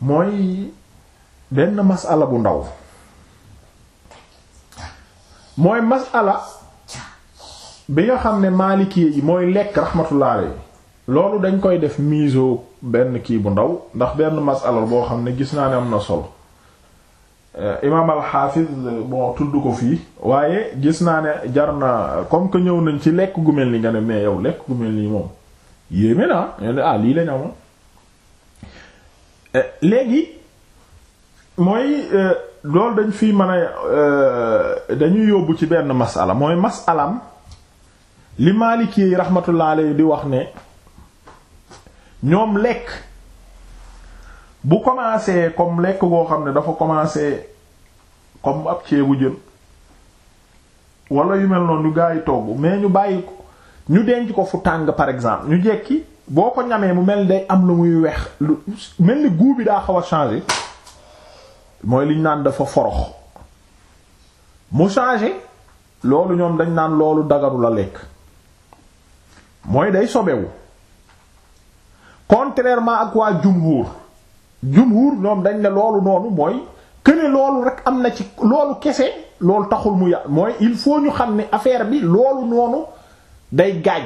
mooy benn masala bu ndaw mooy masala bi nga xam ne maaliki yi mooy lekk rahmatullah alayhi loolu dañ koy def miso benn kii bu ndaw ndax benn masalal boo xam ne gis naa ne am na solo eh, imaam alxaafiz bon tudd ko fii waaye gis naa ne jar na comme que ñëw nañ ci lekk gu mel ni nga ne mais yow lekk gu mel nii moom yéeme naa ah lii lañ amoon Euh, léegi mooy euh, loolu dañ fi mën a euh, dañuy yóbbu ci benn masala mooy masalam li Maliki yi rahmatullah alayhi di wax ne ñoom lekk bu commencé comme lekk goo xam ne dafa commencé comme ab ceebu jën wala yu mel noonu ñu gaa yi togg mais ñu bàyyi ko ñu denc ko fu tàng par exemple ñu jekki boo ko ñamee mu mel ni day am lu muy weex lu mel ni goût bi daa xaw a changé mooy liñ naan dafa forox mu changé loolu ñoom dañ naan loolu dagaru la lekk mooy day sobewu contrairement ak waa jumhur jumhur ñoom dañ ne loolu noonu mooy këne loolu rek am na ci loolu kese loolu taxul mu yà mooy il faut ñu xam ne affaire bi loolu noonu day gaañ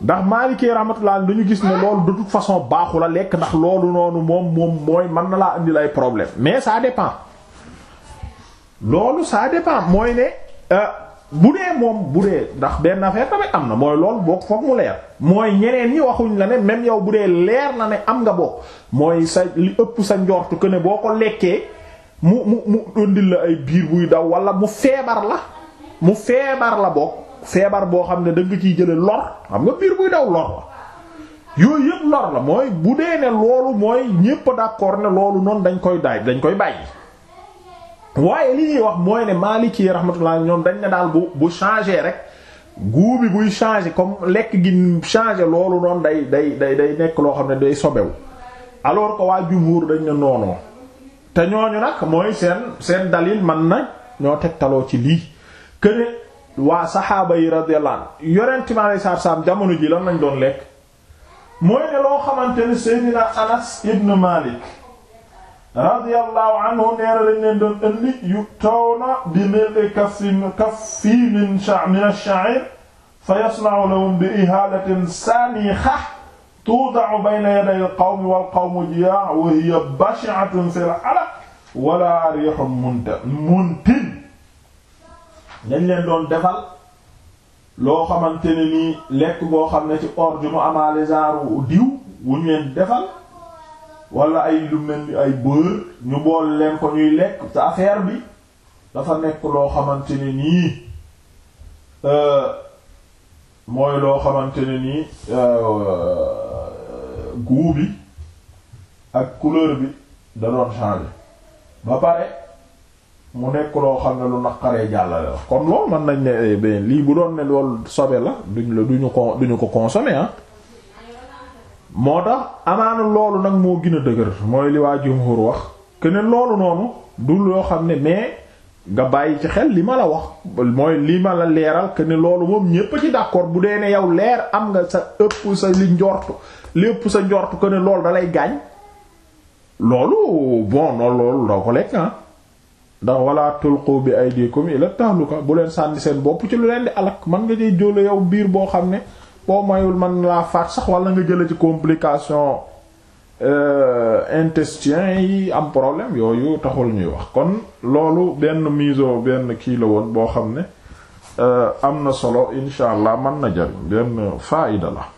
ndax Maliki rahmatullah dañu gis ne loolu de toute façon baaxu lekk ndax loolu noonu moom moom mooy man na laa indil ay problème mais ça dépend loolu ça dépend mooy ne euh, bu dee moom bu dee ndax benn affaire tamit am na mooy loolu bokk foog mu leer mooy ñeneen yi waxuñ la ne même yow bu dee leer na ne am nga bokk mooy sa li ëpp sa njortu que ne boo ko lekkee mu mu mu indil la ay biir buy daw wala mu feebar la mu feebar la bokk. seebar boo xam ne da nga ciy jële lor xam nga biir buy daw lor la yooyu yëpp lor la mooy bu dee ne loolu mooy ñépp d'accord ne loolu noonu dañ koy daaj dañ koy bàyyi waaye li ñuy wax mooy ne Maliki rahmatullah ñoom dañ ne daal bu bu changer rek goût buy changer comme lekk gi changer loolu noonu day day day day nekk loo xam ne day sobewu alors que waa jumhur dañ ne noonoo te ñooñu nag mooy seen seen dalil man na ñoo teg taloo ci lii que waa saxaaba yi radiyallahu anhu yonent mi alayhi salaatu salaam jamono ji lan lañ doon lekk mooy ne loo xamante ni Seydina Anas ibn Malik radiyallahu anhu neera lañ leen doon indi yu tawna bi mil kaffi kaffi min ash-sha'ir fa yasna'u lahum bi ihalatin saanixa tuuda'u bayna yaday al-qawmi wal-qawmu jiyaa' wa hiya bashi'atun fil 'alaq wala rihun muntin dañ leen doon defal loo xamante ne nii lekk boo xam ne ci or ju mu amaale genre diw wuñ leen defal wala ay lu mel ni ay beurre ñu bool leen ko ñuy lekk te affaire bi dafa nekk loo xamante ne nii euh, mooy loo xamante ne nii euh, goût bi ak couleur bi da doon changer ba pare. mu nekk loo xam ne lu naqaree jàllale la kon loolu mën nañ ne eh, ben lii bu doon ne loolu sobe la duñ la duñu ko duñu ko consommer ah moo tax amaana loolu nag moo gën a dëgër mooy li waa jumhur wax que ne loolu noonu du loo xam ne mais nga bàyyi ci xel li ma la wax mooy li ma la leeral que ne loolu moom ñépp a ci d'accord bu dee ne yow leer am nga sa ëpp sa li njort lépp sa njort que ne loolu dalay gaañ loolu bon noonu loolu doo ko lekk ah ndax wala tulqu bi ay aydikum ila tahluka bu leen sànni seen bopp ci lu leen di alak man nga jëy jóole yow biir boo xam ne boo mayul man laa faat sax wala nga jële ci complication euh, intestin yi am problème yooyu taxul ñuy wax kon loolu benn miso benn kii la woon boo xam ne euh, am na solo incha allah mën na jariñ benn faayida la